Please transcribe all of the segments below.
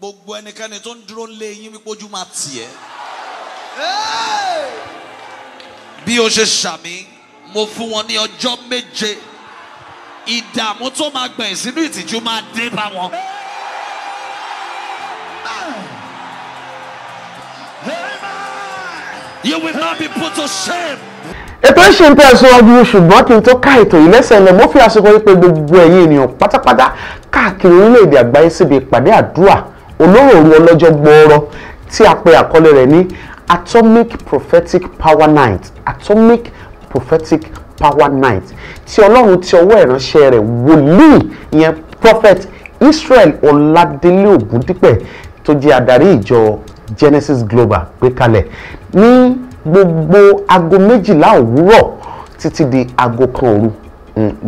gbogbo ẹnikẹ́ni tó ń dúró lé yín wípé ojú máa tì ẹ́. bí o ṣe ṣàmì mo fún wọn ní ọjọ́ méje ìdààmú tó máa gbẹ̀yìn sínú ìtìjú máa dé bá wọn. You will not be put to shame. ètò ìṣe ń tẹ́ síwájú ṣùgbọ́n kí n tó ká ètò yìí lẹ́sẹ̀ lẹ̀ mo fi àsìkò yìí pé gbogbo ẹ̀yin ènìyàn pátápátá káàkiri orílẹ̀-èdè àgbáyé síbi ìpàdé àdúrà olóròrò ọlọ́jọ́ gbọ́ọ́rọ́ tí a pe àkọlé rẹ̀ ní atomic prophetic power night atomic prophetic power night tí ọlọ́run ti ọwọ́ ìránṣẹ́ rẹ̀ wòlíì ìyẹn prophet israel ọládélé ògúndípẹ̀ tó jẹ́ adarí ìjọ genesis global gbé kalẹ̀ ní gbogbo aago méjìlá òwúrọ̀ títí di aago kan òru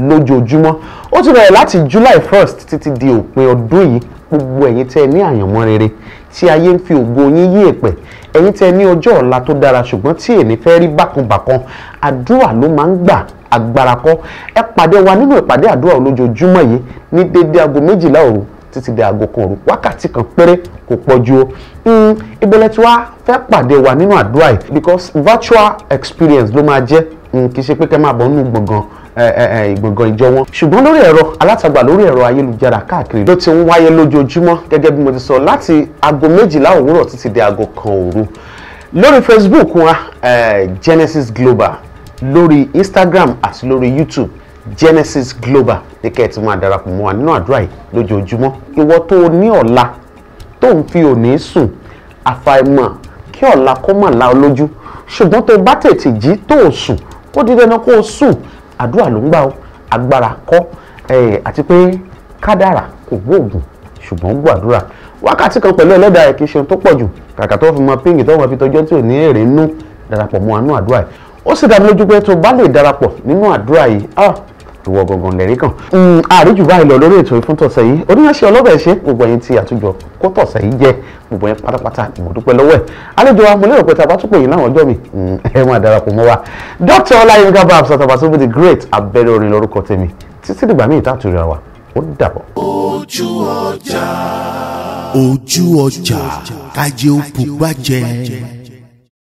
lójoojúmọ́ ó ti bẹ̀rẹ̀ láti July 1st títí di òpin ọdún yìí gbogbo ẹ̀yin tẹ́ ẹ ní àyànmọ́ rere tí ayé ń fi ògo yín yí èpẹ̀ ẹ̀yin tẹ́ ẹ ní ọjọ́ ọ̀la tó dára ṣùgbọ́n tí èmi fẹ́ rí bákanbàkan àdúrà ló máa ń gbà agbára kọ́ ẹ pàdé wa nínú ìpàdé àdúrà olójoojúmọ́ yìí ní dédé aago méjìlá òru títí dé aago kan òru wákàtí kan péré kò pọ̀ ju o hmm, ìbẹ̀lẹ̀ tí wàá fẹ́ pàdé wa nínú àdúrà yìí because virtual experience ló máa jẹ́ hmm, kì í ṣe pé kẹ́ máa bọ̀ nínú gbọ̀ngàn ìgbọ̀ngàn ìjọ wọn ṣùgbọ́n lórí ẹ̀rọ alátagbà lórí ẹ̀rọ ayélujára káàkiri ló ti ń wáyé lójoojúmọ́ gẹ́gẹ́ bí mo ti sọ láti aago méjìlá òwúrọ̀ títí di aago kan òru lórí Facebook wa Genesis Global lórí Instagram àti lórí YouTube Genesis Global ní kẹ́ ẹ̀ ti máa darapọ̀ mọ́ wa nínú àdúrà yìí lójoojúmọ́ ìwọ tó o ní ọ̀la tó ń fi òní sùn àfàìmọ̀ kí ọ̀la kó mà lá lójú ṣùgbọ́n tó o bá tètè jí tó o sùn kó dídẹ́nu kó o sùn àdúrà ló ń gbà ó agbára kọ́ àti pé kádàrà kò gbóògùn ṣùgbọ́n gbàdúrà wákàtí kan pẹ̀lú ẹlẹ́dàá ẹ̀ kì í ṣe ohun tó pọ̀ jù kàkà tó fi mọ píǹgì tó wọn fi tọjọ́ tí ò ní èrè nú darapọ̀ mọ́ àánú àdúrà yìí ó sì dá mi lójú pé tó bá lè darapọ̀ nínú àdúrà yìí ah ìwọ gangan lẹ́rí kan. àríjù mm, báyìí lọ lórí ètò ìfún yìí oníyanṣẹ́ ọlọ́bẹ̀ ṣe gbogbo ẹ̀yin tí àtúnjọ kó tọ̀sẹ̀ yìí jẹ́ gbogbo ẹ̀yin pátápátá mo lọ́wọ́ ẹ̀. àlejò wa mo lérò pé tàbá tún yín náà ọjọ́ mi mm, ẹ máa darapọ̀ mọ́ wa. Dr. Ọláyínká Babs Àtàbàtúbú the great abẹ́rẹ́ orin lórúkọ tèmi títí dìgbà míì tá àtúrà wa ó dàbọ̀. ojú ọjà ojú ọjà kájé ó pupa